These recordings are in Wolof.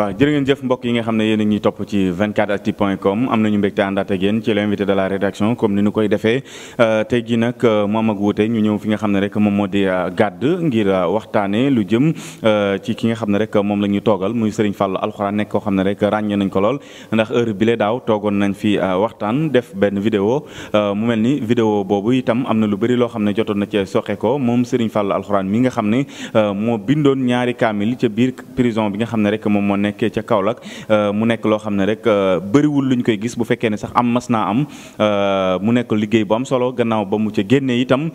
waaw jërë ngeen jëf mbokk yi nga xam ne yéen a ngi topp ci am nañu mbégte àndaat ak yéen ci l'invité de rédaction comme ni ñu koy defee euh, tey jii nag euh, moom ak wuute ñu ñëw fi nga xam ne rek moom moo di euh, gàdd ngir waxtaane lu jëm ci ki nga xam ne rek moom la ñu toogal muy Serigne Fallou Alxuraan nekk koo xam ne rek ràññee nañ ko lool ndax heure bi le daaw toogoon nañ fi waxtaan def benn vidéo mu mel ni vidéo boobu itam am na lu bari loo xam ne jotoon na cee soxe ko moom Serigne Fallou Alxuraan mi nga xam ne moo bindoon ñaari kaamil ca biir bi nga nekkee ca Kaolack euh, mu nekk loo xam ne rek euh, bëriwul luñ koy gis bu fekkee ne sax am mas naa am euh, mu nekk liggéey bu am solo gannaaw ba mu ca génnee itam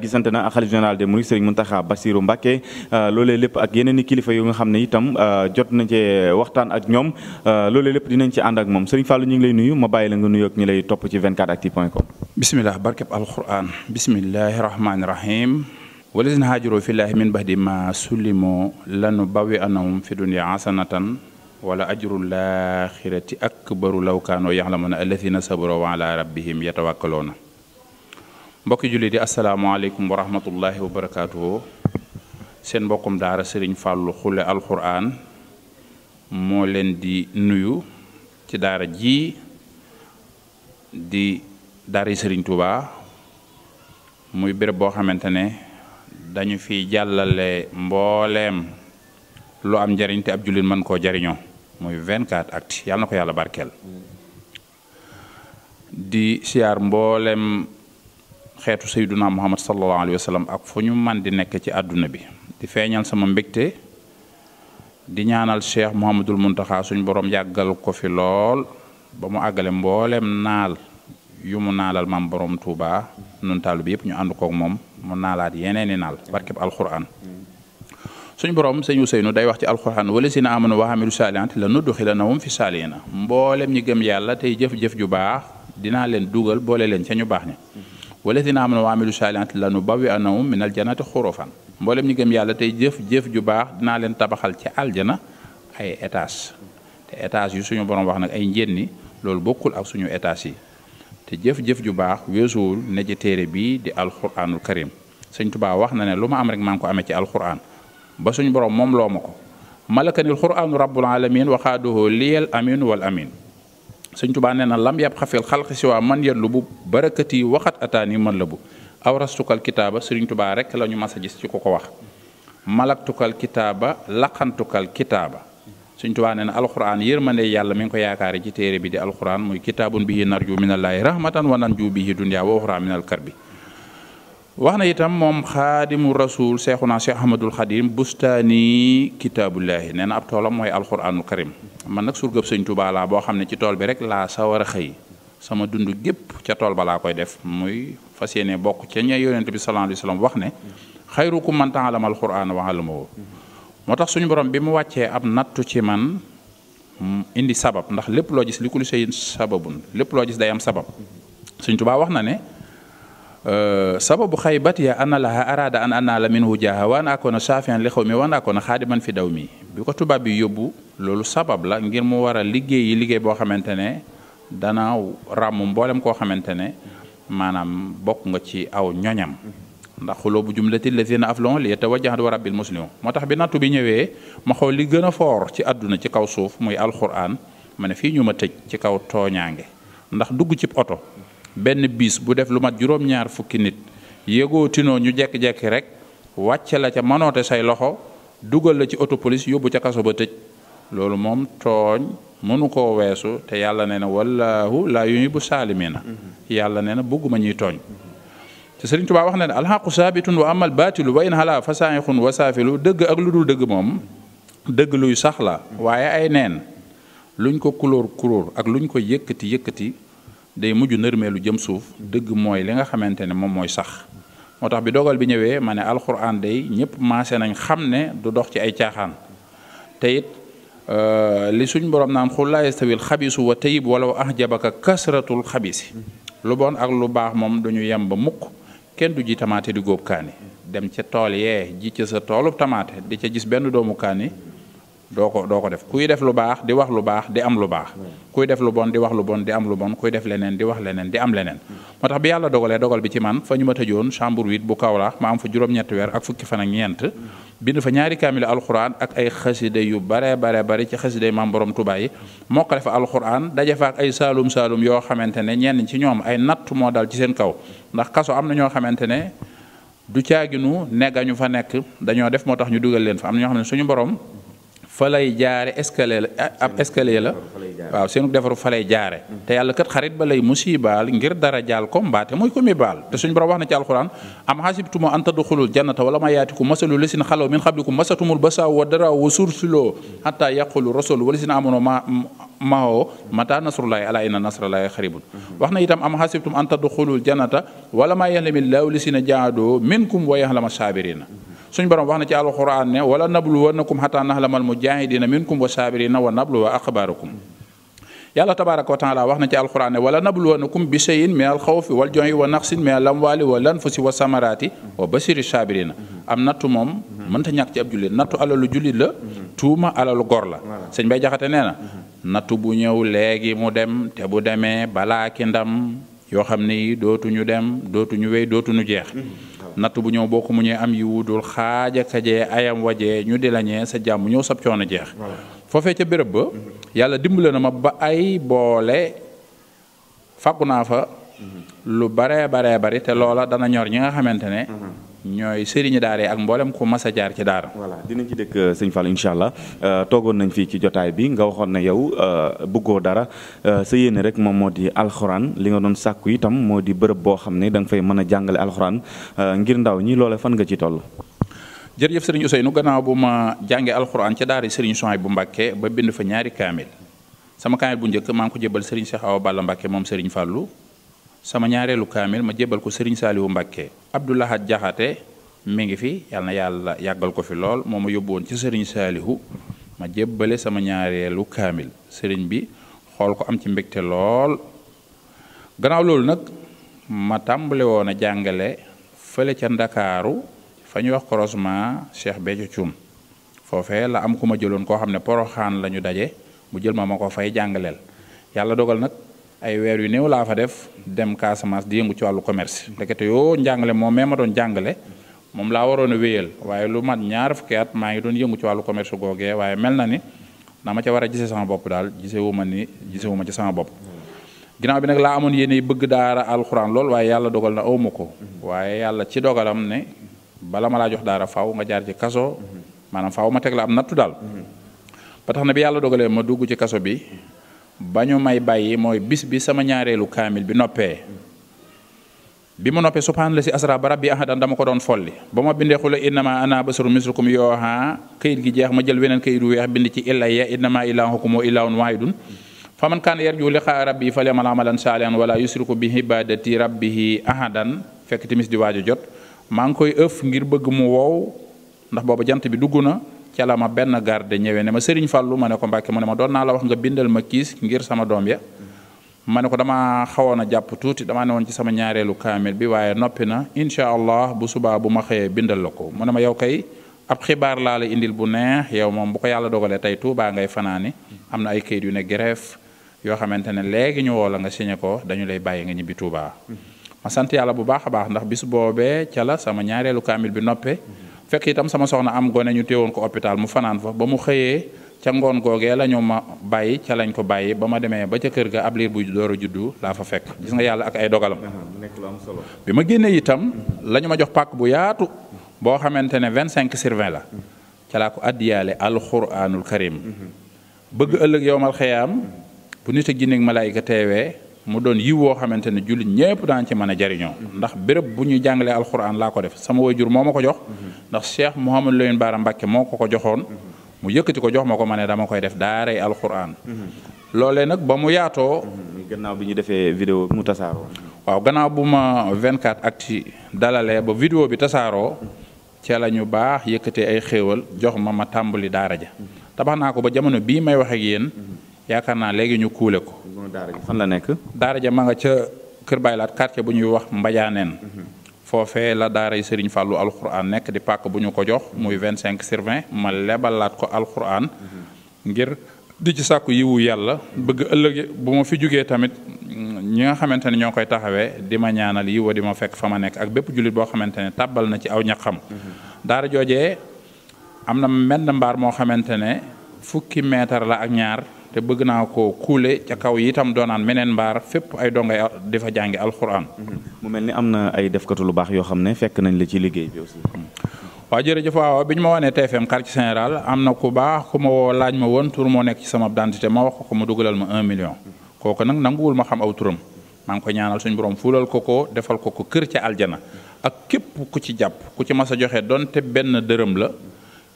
gisante na ak xalif général des mourides Serigne Mountakha Bassirou Mbacké loolee lépp ak yeneen i kilifa yu nga xam ne itam jot na cee waxtaan ak ñoom loolee lépp dinañ ci ànd ak moom Serigne Fallou ñu ngi lay nuyu ma bàyyi la nga nuyoog ñi lay topp ci 24actu point com. bisimilah barkeb alquran bisimilahi walasin haajuroo fillaahi min baxdi ma sullimoo lanu bawi anahum fi dunya hasanatan wala ajrul laaxirati akbaru lawkaanoo yaxlamuna alladina sabaroo wa ala rabbihim yatawakkaloona mbokki julli di asalaamaaleykum wa rahmatullahi wa seen mbokkum daara sëriñ fàllu xule alxuraan moo leen di nuyu ci daara ji di daara sëriñ Touba muy béréb boo xamante ne dañu fi jàllale mbooleem lu am njariñ te ab jullit mën koo jariñoo muy 24 actu yàlla na ko yàlla barkeel di siyaar mbooleem xeetu sayduna muhammad sallallahu alayhi wa ak fu ñu man di nekk ci àdduna bi di feeñal sama mbëgte di ñaanal cheikh muhammadul muntaxa suñ boroom yàggal ko fi lool ba mu àggale mbooleem naal yu mu naalal maam borom Touba nun taalu bi yëpp ñu ànd kook moom mu naalaat yeneen i naal barkeb alxuraan suñ borom sëñ Ousseynou day wax ci al alxuraan wala si na amanu wa amilu saalihaati la nuddu xila na wum fi saaliina mboolem ñi gëm yàlla tey jëf-jëf ju baax dinaa leen dugal boole leen ca ñu baax ña wala si na amanu wa amilu la nu bawi anawum minal janaati xurofan mboolem ñi gëm yàlla tey jëf-jëf ju baax dinaa tabaxal ci aljana ay étage te étage yu suñu borom wax nag ay njéen ni loolu bokkul ak suñu étage yi te jëf-jëf ju baax weesuwul ne téere bii di alxuraanul karim sëñ Tuubaa wax na ne lu ma am rek maa ngi ko amee ci alxuraan ba suñ borom moom loo ma ko malakanil xuraanu rabbul alamin waxaaduhu liyal amin wal amin sëñ Tuubaa nee na lam yab xafil xalqi man man lu bu barakati waxat ataani man la bu awrastukal kitaaba sëriñ tubaa rek la ñu mas gis ci ko ko wax malaktukal kitaaba laqantukal kitaaba suñ tubaa nee na alxuraan yërmande yàlla mi ngi ko yaakaari ci téere bi di alxuraan muy kitaabun bihi narju minallaahi rahmatan wa nanju bihi dunya wa uxra minal karbi wax na itam moom xaadimu rasul seexuna seex ahmadul xadim bustaani kitaabullaahi nee na ab toolam mooy alxuraanul karim man nag surgëb sëñ tubaa laa boo xam ne ci tool bi rek laa sa war a xëy sama dund gépp ca tool ba laa koy def muy fas yéene bokk ca ña yonente bi sallallahu alayhi wa sallam wax ne man ta'allama alxuraan wa moo tax suñu borom bi mu wàccee ab nattu ci man indi sabab ndax lépp loo gis li ku sababun lépp loo gis day am sabab suñ tubaa wax na ne euh, sababu xaybat ya ana laha araada an ana la minhu jaaha waan akoona saafian li xaw mi waan akoona xaadiman fi daw mi bi ko tubaab bi yóbbu loolu sabab la ngir mu war a liggéey yi liggéey boo xamante ne dana ràmm mboolem koo xamante ne maanaam bokk nga ci aw ñoñam ndax xuloo bu jumlatil lazina aflon li yatawajjahu wa rabbil muslimin moo tax bi nattu bi ñëwee ma xaw li gën a foor ci àdduna ci kaw suuf muy alxuraan ma ne fii ñu ma tëj ci kaw tooñaange ndax dugg ci oto benn biis bu def lu mat juróom-ñaar fukki nit yégoo tinoo ñu jekki-jekki rek wàcce la ca manoote say loxo dugal la ci oto polis yóbbu ca kaso ba tëj loolu moom tooñ mënu ko weesu te yàlla nee na wallaahu laa yuhibbu saalimiina mm-hmm. yàlla nee na bëgguma ñuy tooñ mm-hmm. te Sëriñ Tuubaa wax na ne alxaqu saabitun wa amal baatilu wa in halaa fa saanixun wa saafilu dëgg ak lu dul dëgg moom dëgg luy sax la waaye ay neen luñ ko kulóor kulóor ak luñ ko yëkkati yëkkati day mujj nërmeelu jëm suuf dëgg mooy li nga xamante ne moom mooy sax moo tax bi dogal bi ñëwee ma ne alxuraan day ñëpp maase nañ xam ne du dox ci ay caaxaan te it euh, li suñ borom naan xul laa yastawil xabisu wa tayib walaw ahjabaka kasratul xabisi lu bon ak lu baax moom duñu yem ba mukk kenn du ji tamaate di góob kaani dem ca tool yee ji ca sa toolub tamaate di ca gis benn doomu kaani doo ko doo ko def kuy def lu baax di wax lu baax di am lu baax kuy def lu bon di wax lu bon di am lu bon kuy def leneen di wax leneen di am leneen moo tax bi yàlla dogalee dogal bi ci man fa ñu ma tëjoon chambre 8 bu Kaolack ma am fa juróom-ñetti weer ak fukki fan ak ñeent bind fa ñaari kaamil alxuraan ak ay xaside yu bare bare bari ci xaside maam borom Tuubaa yi mokkale fa alxuraan daje fa ak ay saalum saalum yoo xamante ne ñenn ci ñoom ay natt moo dal ci seen kaw ndax kaso am na ñoo xamante ne du caaginu negga ñu fa nekk dañoo def moo tax ñu dugal leen fa am na ñoo xam ne suñu borom fa lay jaare escalier la ah, ab escalier la waaw seenu defaru fa jaare hmm. te yàlla kat xarit ba lay musibaal ngir dara jaal ko mbaate mooy ko mi baal te suñu borom wax na ci alxuraan hmm. am xasibtuma an tadxulul jannata wala ma yaatiku masalu lesin xalaw min xablikum masatumul basa wa dara wa sursiloo xata yaqulu rasul wala sin amono ma mahoo mata nasrullahi ala inna nasrallahi xaribun hmm. wax na itam am xasibtum an tadxulul janata wala ma yaxlamil laaw lisina jaadoo minkum wa yaxlama saabirina suñ borom wax na ci alxuraan ne wala nabluwannakum xataa naxlamal mujahidina minkum wa saabirina wa nabluwa axbaarakum yàlla tabaraka wa taala wax na ci alxuraan ne wala nabluwannakum bi shay'in min al xawfi wal joxi wa naqsin min al amwali wal anfusi wa samaraati wa basiri saabirina am nattu moom mënta ñàkk ci ab jullit nattu alalu jullit la tuuma alalu gor la sëñ bay jaxate nee na nattu bu ñëw léegi mu dem te bu demee balaa ki ndam yoo xam ne dootuñu dem dootuñu wéy dootuñu jeex nattu bu ñëw boo ko mu ñee am yi wudul xaaja kajee ayam wajee ñu di la sa jàmm ñëw sab coono jeex foofee ca béréb ba yàlla dimbale na ma ba ay boole fàggu naa fa mhm. lu baree bare bari te loola dana ñor ñi nga xamante ne mhm. ñooy sëriñu daara ak mboolem ku mas a jaar ci daar voilà dinañ ci dëkk euh, sëñ Fall incha allah euh, toogoon nañ fii ci jotaay bi nga waxoon na yow euh, buggoo dara sa yéene rek moom moo di alxuraan li nga doon sàkku itam moo di bërëb boo xam ne danga fay mën a jàngale alxuraan ngir ndaw ñi loole fan nga ci toll. jërëjëf sëriñ nu gannaaw bu ma jàngee alxuraan ca daara sëriñ Souhaïbou bu Mbàkke ba bind fa ñaari kaamil sama kaamil bu njëkk maa ngi ko jébal sëriñ Cheikh Awa Balla Mbàkke moom sëriñ Fallou sama ñaareelu kaamil ma jébbal ko Serigne Saliou Mbacké Abdoulahat Jaxate mi ngi fi yàlla na yàlla yàggal ko fi lool moo ma yóbbu woon ci Serigne Saliou ma jébbale sama ñaareelu kaamil sëriñ bi xool ko am ci mbégte lool ganaaw loolu nag ma tàmbale woon a jàngale fële ca Ndakaaru fa ñuy wax croisement Cheikh Béthio Thioune foofe la am ku ma jëloon koo xam ne poroxaan la ñu daje mu jël ma ma ko fay jàngaleel yàlla dogal nag ay weer yu néew laa fa def dem Casamance di yëngu ci wàllu commerce. ndekete yoo njàngale moom mee ma doon jàngale moom laa waroon a wéyal waaye lu mat ñaar fukki at maa ngi doon yëngu ci wàllu commerce googee waaye mel na ni na ma ca war a gisee sama bopp daal gisee wu ma ni gisee wu ma ci sama bopp. ginnaaw bi nag laa amoon yéene bëgg daara alxuraan lool waaye yàlla dogal na awma ko waaye yàlla ci dogalam ne bala ma laa jox daara faw nga jaar ci kaso maanaam faaw ma teg la am daal ba yàlla dogalee ma dugg ci kaso bi ba may bàyyi mooy bis bi sama ñaareelu kaamil bi noppee bi ma noppee subhaana la si asra ba rabbi ahadan dama ko doon folli ba ma bindee xula innama ana basaru mislukum yooha këyit gi jeex ma jël weneen këyit wu weex bind ci illaya innama ilahukum wa ilahun waahidun fa man kaan yarju liqaa rabbi falyamal amalan saalihan wala yusriku bi ibadati rabbihi ahadan fekk timis di waaj jot maa ngi koy ëf ngir bëgg mu wow ndax booba jant bi dugg na ca ma benn garde ñëwee ne ma Serigne Fallou ma ne ko Mbàkke mu ne ma doon naa la wax nga bindal ma kiis ngir sama doom ya ma ne ko dama xawoon a jàpp tuuti damaa ne woon ci sama ñaareelu kaamil bi waaye noppi na incha allah bu subaa bu ma xëyee bindal la ko mu ne ma yow kay ab xibaar laa indil bu neex yow moom bu ko yàlla dogalee tey Tuubaa ngay fanaani am na ay kayit yu ne greffe yoo xamante ne léegi ñu woo la ko dañu lay bàyyi nga ñibbi Tuubaa ma sant yàlla bu baax a baax ndax bis boobee ca la sama ñaareelu kaamil bi noppee fekk itam sama soxna am gone ñu téewoon ko hôpital mu fanaan fa ba mu xëyee ca ngoon googee la ñu ma bàyyi ca lañ ko bàyyi ba ma demee ba ca kër ga ab liir bu door a juddu laa fa fekk gis nga yàlla ak ay dogalam. nekk lu solo. bi ma génnee itam la ñu ma jox pàkk bu yaatu boo xamante ne vingt cinq sur la ca laa ko addiyaale alxuraanul karim mhm. bëgg ëllëg yowmal xiyaam bu nit ak jinne ak malaayika teewee. mu doon yiw woo xamante ne jullit ñëpp daan ci mën a jariñoo ndax béréb bu ñuy jàngalee alxuraan laa ko def sama wayjur moo ma ko jox ndax Cheikh Mouhamadou Lamine Bara Mbacké moo ko ko joxoon mu yëkkati ko jox ma ko ma ne dama koy def daaray alxuraan loolee nag ba mu yaatoo gannaaw bu ñu defee bi mu tasaaro waaw gannaaw bu ma 24 actu dalale ba vidéo bi tasaaroo ca la ñu baax yëkkatee ay xéewal jox ma ma tàmbali daara ja tabax naa ko ba jamono bii may wax yéen yaakaar naa léegi ñu kuule ko daara ji fan la nekk. daara ja ma nga ca Kër Baylaat quartier bu ñuy wax Mbajaaneen. Mhm. foofee la daara yi Serigne Fallou nekk di pàkk bu ñu ko jox muy 25 sur 20 ma lebalaat ko alquran. Mhm. ngir di ci sàkku yiwu yàlla bëgg ëllëg bu ma fi jógee tamit. Mm, ñi nga xamante ne ñoo koy taxawee di ma ñaanal yi wa di ma fekk fa ma nekk ak bépp jullit boo xamante ne tàbbal na ci aw ñaxam. Mhm. daara joojee am na menn mbaar moo xamante ne fukki meetar la ak ñaar te bëgg naa ko kuule ca kaw yi itam doonaan meneen mbaar fépp ay dongay di fa jàngi alxuraan. mu mel ni am na ay defkatu lu baax yoo xam ne fekk nañ la ci liggéey bi aussi. waaw jërëjëf waaw bi ñu ma wanee TFM quartier général am na ku baax ku ma woo laaj ma woon tur moo nekk ci sama identité ma wax ko ko mu dugalal ma un million. kooku nag nanguwul ma xam aw turam. maa ngi koy ñaanal suñu borom fuulal ko ko defal ko ko kër ca aljana ak képp ku ci jàpp ku ci mas a joxe donte benn dërëm la.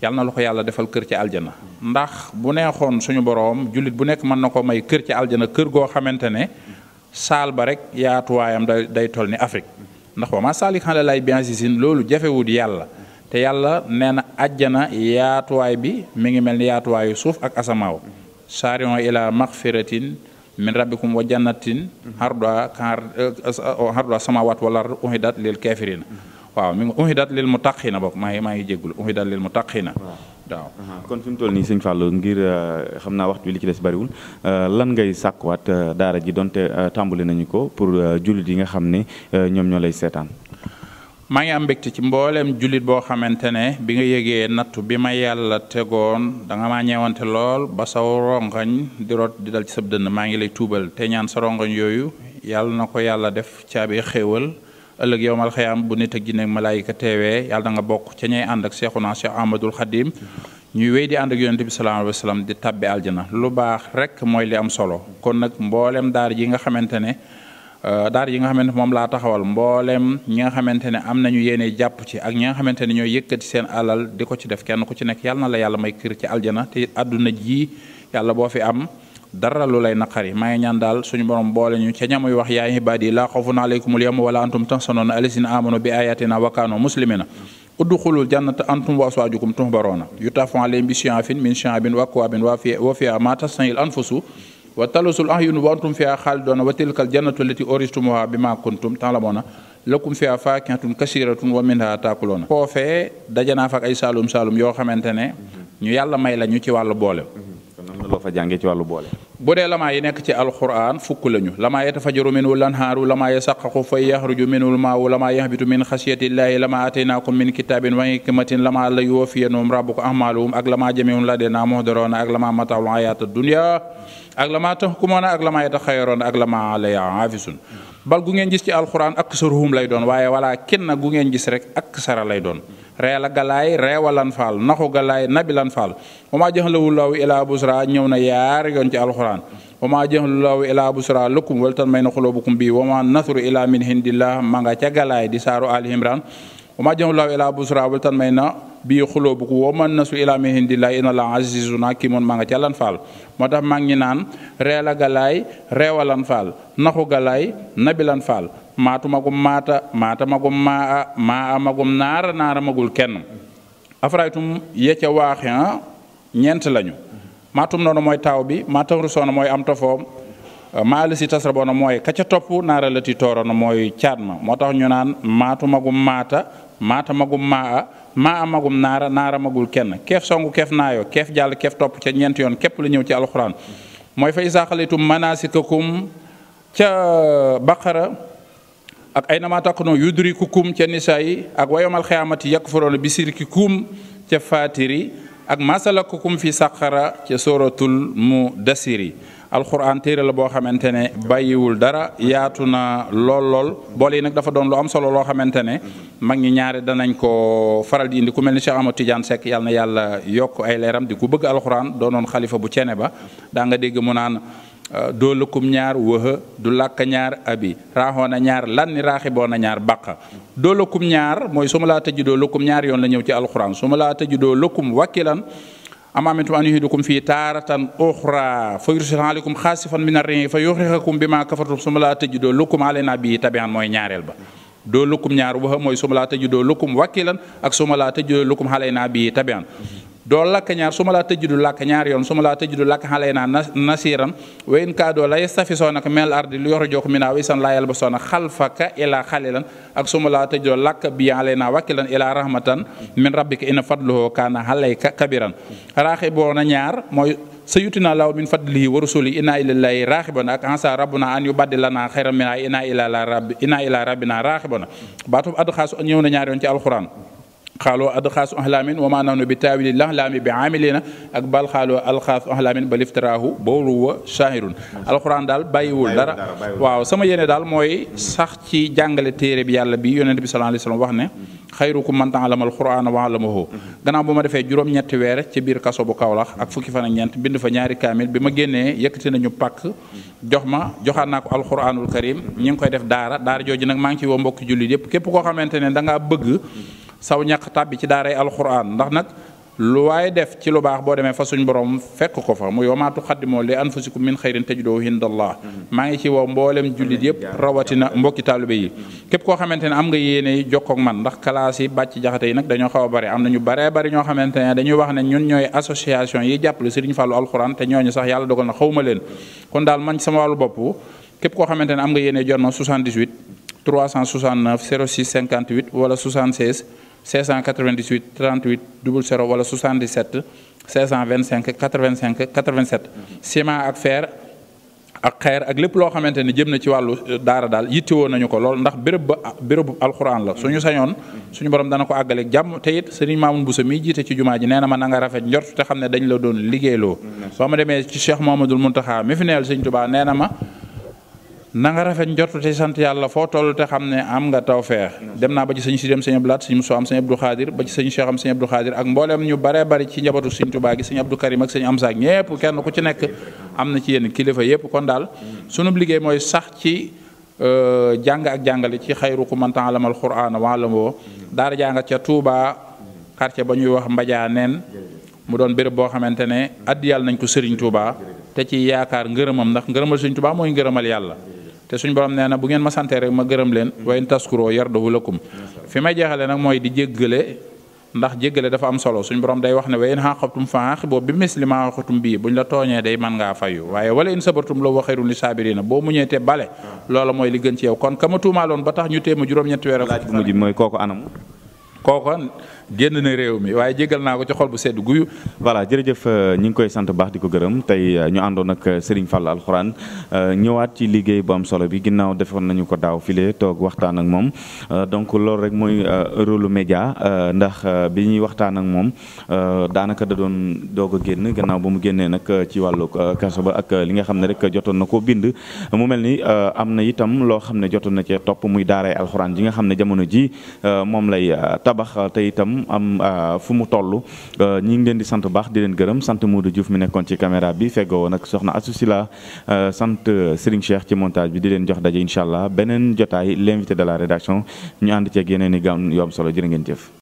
yàlla na loxo yàlla defal kër ci aljana ndax bu neexoon suñu boroom jullit bu nekk mën na ko may kër ci aljana kër goo xamante ne saal ba rek yaatuwaayam day day toll ni Afrique ndax ma saalik xale lay biensisin loolu jafewut yàlla te yàlla nee na ajjana yaatuwaay bi mi ngi mel ni yaatuwaayu suuf ak asamaaw saarion ila maxfiratin min rabbikum wa jannatin hardoa kan hardoa samawaat wala uhidat lil kafirina waaw mi ngi uhidat lil muttaqiina bokk maa ngi maa ngi jéggul uhidat lil muttaqiina waaw kon fi mu toll nii sëñ Fallou ngir euh, xam na waxtu bi li ci des bariwul euh, lan ngay sàkkuwaat euh, daara ji donte tàmbali nañu ko pour julit yi nga xam ne ñoom ñoo lay seetaan. maa ngi am mbégte ci mbooleem jullit boo xamante ne bi nga yëgee nattu bi ma yàlla tegoon danga ma maa lool ba sa rongañ di rot di dal ci sab dënn maa ngi lay tuubal te ñaan sa yooyu yàlla na ko yàlla def caabi xéewal ëllëg yowmal xayaam bu nit ak jinne ak malaayika teewee yàlla nga bokk ca ñay ànd ak seexuna seex ahmadul xadim ñuy wéy di ànd ak yonente bi sallallahu alayhi di tàbbi aljana lu baax rek mooy li am solo kon nag mboolem daar yi nga xamante ne euh, daar yi nga xamante moom laa taxawal mboolem ñi nga xamante ne am nañu yéene jàpp ci ak ñi nga xamante ne ñooy yëkkati seen alal di ko ci def kenn ku ci nekk yàlla na la yàlla may kër ci aljana te àdduna ji yàlla boo fi am dara lu lay naqari maa ngi ñaan daal suñu borom boole ñu ca ñamuy wax yaa ibaadi laa xawfun aleykumul yawma wala antum tahsanuun allazina amanu bi ayatina wa kaanu muslimina udxulul jannata antum wa aswaajukum tuhbaroona yutafu alayhim bi shiafin min shiabin wa akwaabin wa fiha ma tasnahil anfusu wa talusul ahyun wa antum fiha xaalidoona wa tilkal jannatu lati oristumuha bi ma kuntum taalamoona lakum fiha faakihatun kasiratun wa minha taakuloona foofee dajanaa fa ay saalum saalum yoo xamante ne ñu yàlla may la ci wàllu boole loo fa jàngee ci boole. bu dee lamaa yi nekk ci alquran fukk lañu lamaa yatafajaru minhu lanhaaru lamaa yasaqaqu fa yaxruju minhu lmaawu lamaa yaxbitu min xasiyatillahi lamaa ataynakum min kitaabin wa hikmatin lamaa la yuwafiyanum rabbuka amaaluhum ak lamaa jamihum ladayna muhdaroona ak lamaa mataawul ayaata dunya ak lamaa tahkumoona ak lamaa yataxayaroona ak lamaa alayha haafisun bal gu ngeen gis ci alquran aksaruhum lay doon waaye wala kenn gu reela galaay reewalan faal naxu galaay nabilan faal wama jaxlawu laaw ilaa busra ñëw na yaari yoon ci alxuraan wama jaxlu laaw ilaa busra lëkkum wala tan may na xuloobukum bii wama nasru ilaa min hindillah ma galaay di saaru ali imran wama jaxlu ilaa busra wala nasru ilaa min hindillah ina la azizun hakimun ma nga ca lan faal moo tax maa ngi naan reela galaay reewalan faal naxu galaay nabilan faal maatu magum maata maata magum maa maa magum naara naara magul kenn afraytum yecca waaxe ah, ñeent lañu maatum noonu mooy taw bi maatam rusoona mooy am tofoom maa la si tasraboona mooy kaca topp naara la ti tooroona mooy caat moo tax ñu naan maatu magum maata maata magum maa maa magum naara naara magul kenn keef songu keef naayo keef jàll keef topp ca ñeent yoon képp lu ñëw ci alxuraan mooy fa isaa xalitum manasikakum ca baqara ak ay na namaa takkunoo yudri ku kum ca nisaa yi ak wayomal xiyaamati yakfuroona bi ki kum ca faatiri ak masalakukum fi saqara ca sooratul mu dasiri alxuraan téere la boo xamante ne bàyyiwul dara yaatu na lool lool boole yi nag dafa doon lu am solo loo xamante ne mag ñi ñaare danañ ko faral di indi ku mel ni Cheikh Amadou Tidiane Seck yàlla na yàlla yokk ay leeram di ku bëgg alxuraan doonoon xalifa bu cene ba dégg mu naan Euh, doolakum ñaar wëhë du làkk ñaar abi raaxoon a ñaar lanni raaxiboon a ñaar baqa doolakum ñaar mooy su ma laa tëjidoo lakum ñaar yoon la ñëw ci alxuraan su ma laa tëjidoo lakum wakkilan am amintum an yuhidukum fii taaratan uxra fa yursil aleykum xaasifan min ar-rihi fa yuxriqakum bima kafartum su ma laa tëjidoo lakum alayna bi tabian mooy ñaareel ba doo lakum ñaar wëhë mooy su ma laa tëjidoo lakum wakkilan ak su ma laa tëjidoo lakum alayna bi tabian doo lakk ñaar su ma laa tëjji du lakk ñaar yoon su ma laa tëjji du lakk xaley naa nasiran wa in kaadoo la yastafisoonaka mel ardi lu yoru jook minaa wisan laa yalbasoona xalfaka ilaa xalilan ak su ma laa tëjjoo lakk bi xaley naa wakkilan ilaa rahmatan min rabbika inna fadluhu kaana xalayka kabiran raaxiboona ñaar mooy sayutina law min fadlihi wa rusuli inna ilallahi raaxiban ak ansa rabbuna an yubaddilana xayran minna inna ila rabbina raaxiban baatu adxaasu na ñaar ci alxuraan xaaloo adxaas oxlaamin wa maa nahnu bi taawili laxlaami bi aamilina ak bal xaaloo alxaas oxlaamin ba liftiraahu booru wa shahirun alxuraan daal bàyyiwul dara waaw sama yéene daal mooy sax ci jàngale téere bi yàlla bi yonent bi sallallahu alayhi wasallam wax ne xayrukum man ta'allama alxuraan wa allamahu gannaaw bu ma defee juróom-ñetti weer ci biir kaso bu Kaolack ak fukki fan ñeent bind fa ñaari kaamil bi ma génnee yëkkati nañu pàkk jox ma joxaat naa ko alxuraanul karim ñi ngi koy def daara daara jooju nag maa ngi ci woo mbokki yëpp képp koo xamante ne da ngaa saw ñàq tàbbi ci daaray alxuraan ndax nag lu waaye def ci lu baax boo demee fa suñ borom fekk ko fa mu yoomaatu xaddimoo li anfusikum min xayrin tajidoo hindallah maa ngi ci wow mboolem jullit yëpp rawatina mbokki taalibe yi képp koo xamante ne am nga yéene jokkoog man ndax classe yi bàcc jaxate yi nag dañoo xaw a bari am nañu baree bari ñoo xamante ne dañuy wax ne ñun ñooy association yi jàppale Sëriñ Fàllu alxuraan te ñooñu sax yàlla dogal na xawma leen kon daal man sama wàllu bopp képp koo xamante ne am nga yéene jot ma 78 369 06 58 wala 76 598 38 00 wala 77 525 85 87. ciment ak fer ak xeer ak lépp loo xamante ne jëm na ci wàllu euh, daara daal yittewoo nañu ko lool ndax béréb ba bérébu alxuraan la suñu sañoon. suñu borom dana ko àggale jàmm te it sëriñ Mamoun Bousso mii jiite ci jumaa ji nee na ma na nga rafet njort te xam ne dañ la doon liggéeyloo. soo mm-hmm. ma demee ci Cheikh Mouhamadoul Mountakha mi fi neel sëñ Tuubaa nee na ma. na nga rafet njortu te sant yàlla foo toll te xam ne am nga taw tawfeex dem naa ba ci sëñ si dem sëñ Abdou Lahat sëñ Moussa am sëñ Abdou Khadir ba ci sëñ Cheikh am sëñ ak mbooleem ñu bare bari ci njabootu sëñ Touba gi sëñ Abdou Karim ak sëñ kenn ku ci nekk am na ci yéen kilifa yëpp kon daal sunu liggéey mooy sax ci euh, jàng ak jàngale ci xayrukum man ta'allama al-Qur'ana wa 'allamahu daara jànga ca Touba quartier ba ñuy wax Mbadianeen mu doon béréb boo xamante ne addiyal nañ ko Serigne Touba te ci yaakaar ngërëmam ndax ngërëmal Serigne Touba mooy ngërëmal yàlla te suñ borom nee na bu ngeen ma sante rek ma gërëm leen wa in taskuroo yardahu lakum fi ma jeexale nag mooy di jéggale ndax jéggale dafa am solo suñ borom day wax ne wa in xaqabtum fa xaqiboo bi misli ma xaqatum bii buñ la tooñee day mën ngaa fayu waaye wala in sabartum la waxeerun li saabirina boo muñee te bale loola mooy li gën ci yow kon kama tuumaaloon ba tax ñu téema juróom-ñetti weer ak fukk génn ne réew mi waaye jégal naa ko ci xol bu sedd guyu voilà jërëjëf euh, ñi ngi koy sant baax di ko gërëm tey euh, ñu àndoon ak euh, Serigne Fall alxuraan ñëwaat ci liggéey bu am solo bi ginnaaw defoon nañu ko daaw file toog waxtaan ak moom donc loolu rek mooy rôle média ndax bi ñuy waxtaan ak moom daanaka da doon doog a génn gannaaw ba mu génnee nag ci wàllu kaso ba ak li nga xam ne rek jotoon na ko bind mu mel ni am na itam loo xam ne jotoon na cee topp muy daaray alxuraan ji nga xam ne jamono ji moom lay tabax te itam am am euh, fu mu toll euh, ñi ngi leen di sant baax di leen gërëm sant Modou Diouf mu nekkoon ci caméra bi feggoo nag soxna Asusi la euh, sant Serigne Cheikh ci montage bi di leen jox daje incha allah beneen jotaay l'invité de la rédaction ñu ànd ceeg yeneen i gam yu am solo jërë ngeen jëf